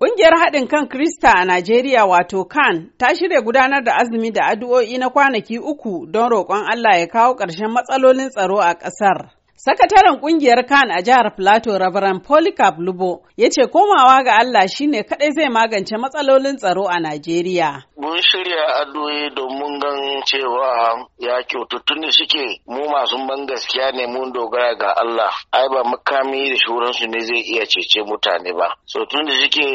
Ƙungiyar haɗin kan Krista a Najeriya wato CAN ta shirya gudanar da azumi da addu'o'i na kwanaki uku don roƙon Allah ya kawo ƙarshen matsalolin tsaro a ƙasar. Sakataren kungiyar Kan a jihar Plateau, Reverend Polycarp Lubo, ya ce komawa ga Allah shine kadai zai magance matsalolin tsaro a Najeriya. Mun shirya addu'o'i domin gan cewa ya kyautu da suke mu masu ban gaskiya ne mun dogara ga Allah. Ai ba makami da shuransu ne zai iya cece mutane ba. So tun da suke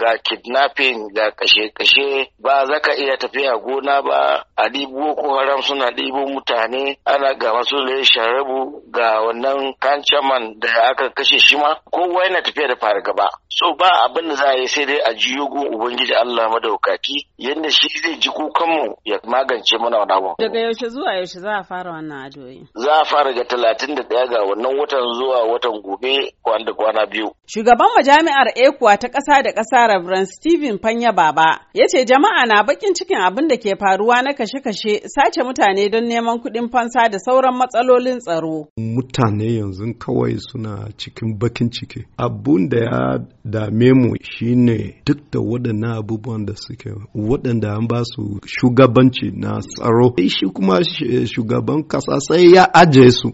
ga kidnapping ga kashe-kashe ba za ka iya tafiya gona ba a ɗibo ko haram suna ɗibo mutane ana ga masu da sharabu ga wannan kancaman da aka kashe shi ma kowa yana tafiya da fargaba so ba abin da za a yi sai dai a jiyo gun ubangiji Allah madaukaki yadda shi zai ji kukanmu ya magance mana wani abu daga yaushe zuwa yaushe za a fara wannan adoyi za a fara ga talatin da ɗaya ga wannan watan zuwa watan gobe da kwana biyu shugaban majami'ar ekuwa ta ƙasa da ƙasa rabran Stephen Fanya Baba ya ce jama'a na bakin cikin abin da ke faruwa na kashe-kashe sace mutane don neman kuɗin fansa da sauran matsalolin tsaro mutane yanzu kawai suna cikin bakin ciki abun da ya dame mu shine duk da waɗannan abubuwan da suke waɗanda an ba su shugabanci na tsaro shi kuma shugaban kasa sai ya ajiye su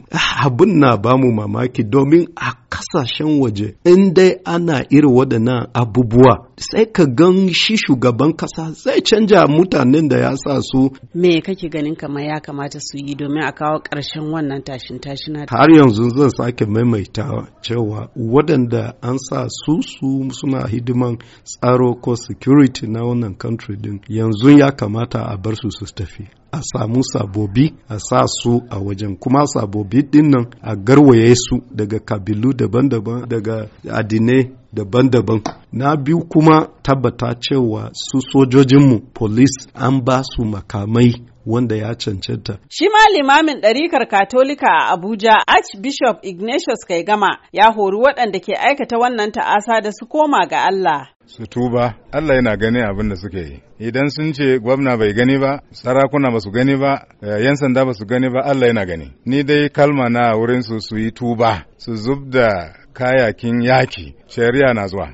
abun na bamu mamaki domin a kasashen waje in dai ana irin waɗannan abubuwa sai ka gan shi shugaban kasa zai canja mutanen da ya sa su me kake ganin kama ya kamata su yi domin a kawo ƙarshen wannan tashin tashina har yanzu zan sake maimaita cewa waɗanda an sa su su suna hidiman tsaro ko security na wannan country din yanzu ya kamata a bar su su tafi a samu sabobi a sa su a wajen kuma sabobi dinnan a garwaye su daga kabilu daban-daban daga adinai daban-daban na biyu kuma tabbata cewa su sojojinmu polis an ba su makamai wanda ya cancanta. Shi ma limamin ɗarikar Katolika a Abuja, Archbishop Ignatius Kaigama ya hori waɗanda ke aikata wannan ta'asa da su koma ga Allah. su tuba Allah yana gani abin da suke yi idan sun ce gwamna bai gani ba sarakuna ba su gani ba eh, yan sanda ba su gani ba Allah yana gani ni dai kalma na wurin su su yi tuba su zub da kayakin yaki shari'a na zuwa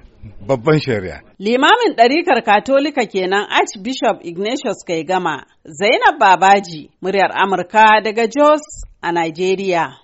babban shari'a limamin ɗarikar katolika kenan archbishop ignatius kai gama zainab babaji muryar amurka daga jos a nigeria